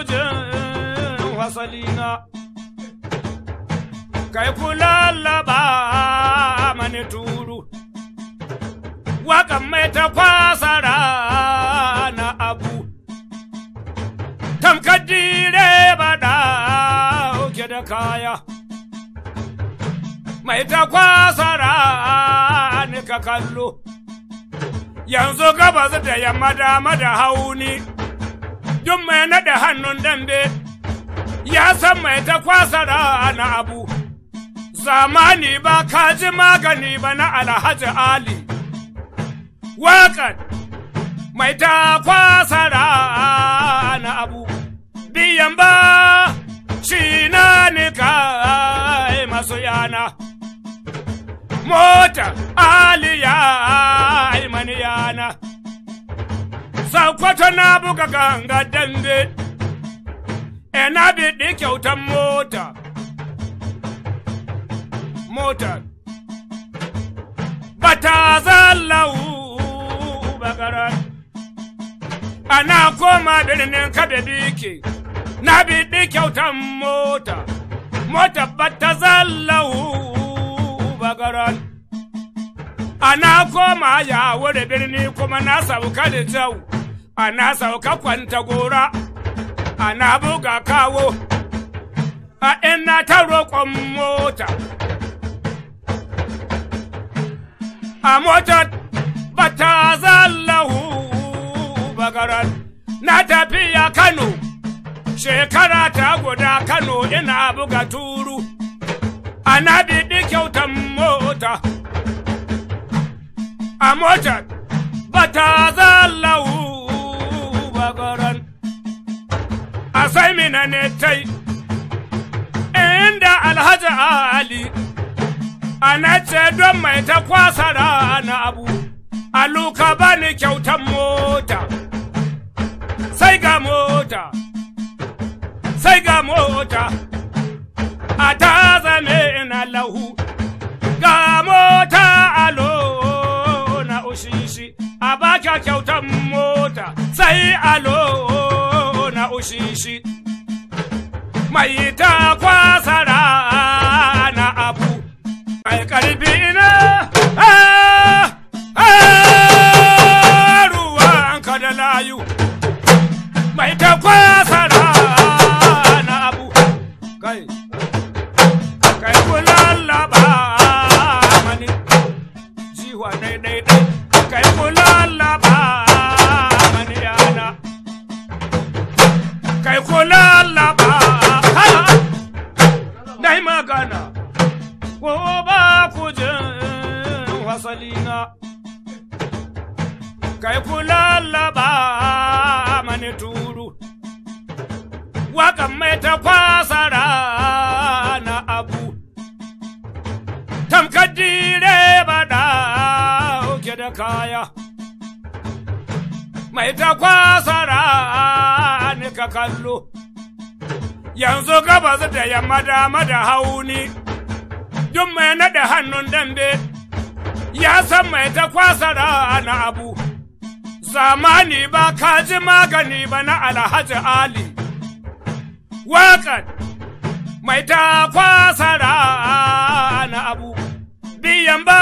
gujin wasalina. Kai ku mani turu, waƙan mai ta kwasara na abu, tamkar dire ba da kaya. Mai ta ni ka kallo, yanzu gabas da yamma dama da hauni. duk mai naɗe hannun dambe, ya san mai ta kwasa na abu. Zamani ba ka ji magani ba na Alhaji Ali, waƙar mai ta kwasa ana abu, biyan ba shi na nika masu yana. Mota Ali ya mani yana. kwato na buga ganga dambe, ina eh, biɗi kyautan mota, mota, bata zallahu bagara, ana koma birnin kabe biki, na biɗi kyautan mota, mota bata zallahu bagara. Ana koma ya wuri birni kuma na sauka da jau. ana sauka kwanta gora, ana buga kawo, a ina ta roƙon mota. A mota ba ta zallahu bagaran na tafiya Kano, shekara ta guda Kano ina buga turu, ana biɗi kyautan mota. A mota ba ta zallahu bagoron. A sai mina ne tai, inda Alhaji Ali, ana ce don mai ta kwasa rana abu, aluka ba ni kyautan mota, sai ga mota, sai ga mota, a ta zame ina lahu, ga mota alo na ushishi, a ba kyautan mota. ta sai alo na ushishi mai ta kwasara na abu mai karfi na magana, ko ba ku jin wasalina. Kai ku lallaba mani turu, waƙan mai ta kwasa na abu, tamkar dire ba ɗauke da kaya. Mai ta kwasara ka kallo. yanzu gabas da yamma dama da hauni, duk mai naɗa hannun dambe, ya san mai ta kwasa na abu, zamani ba ka ji magani ba na Alhaji Ali, wakat mai ta kwasa na abu, biyan ba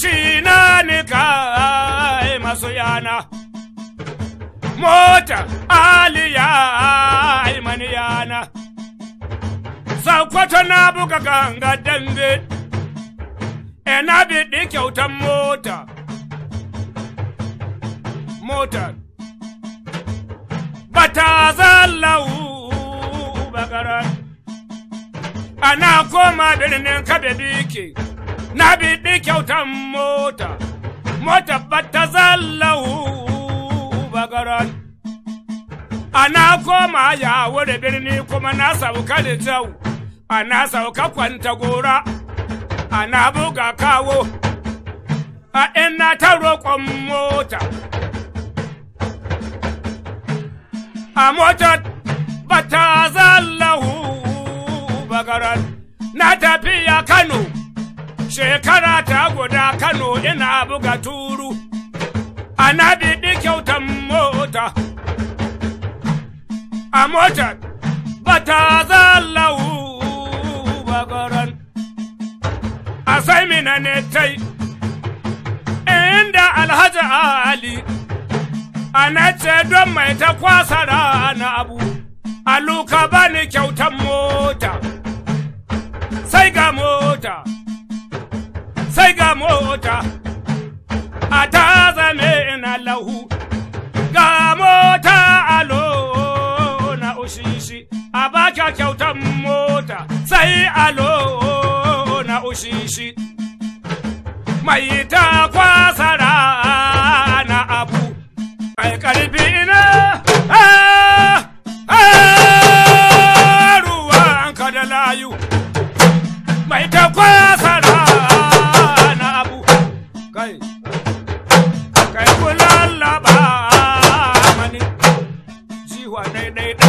shi na ni nika masu yana, mota aliya. Sakwato na buga ganga dambe, ina eh, biɗi kyautan mota, mota Bata zallau bagara ana koma birnin kabe biki, na biɗi kyautan mota, mota bata zallau bagara Ana koma ya wuri birni kuma na sauka da jau. ana sauka kwanta gora, ana buga kawo, a ina ta roƙon mota. A motar ba ta zallahu bagaran na tafiya Kano, shekara ta guda Kano ina buga turu, ana bibi kyautan mota. A motar ba ta zallahu bagoron a sai mina ne tai inda alhaji ali ana ce don mai ta kwasa rana abu aluka ba ni kyautan mota sai ga mota sai ga mota a ta zame ina lahu ga mota alo na ushishi a baka kyautan mota mai alo na ushishi mai ta kwasa na abu mai karfi na ruwan ka da layu mai ta kwasa na abu kai kai kulallaba mani jiwa daidai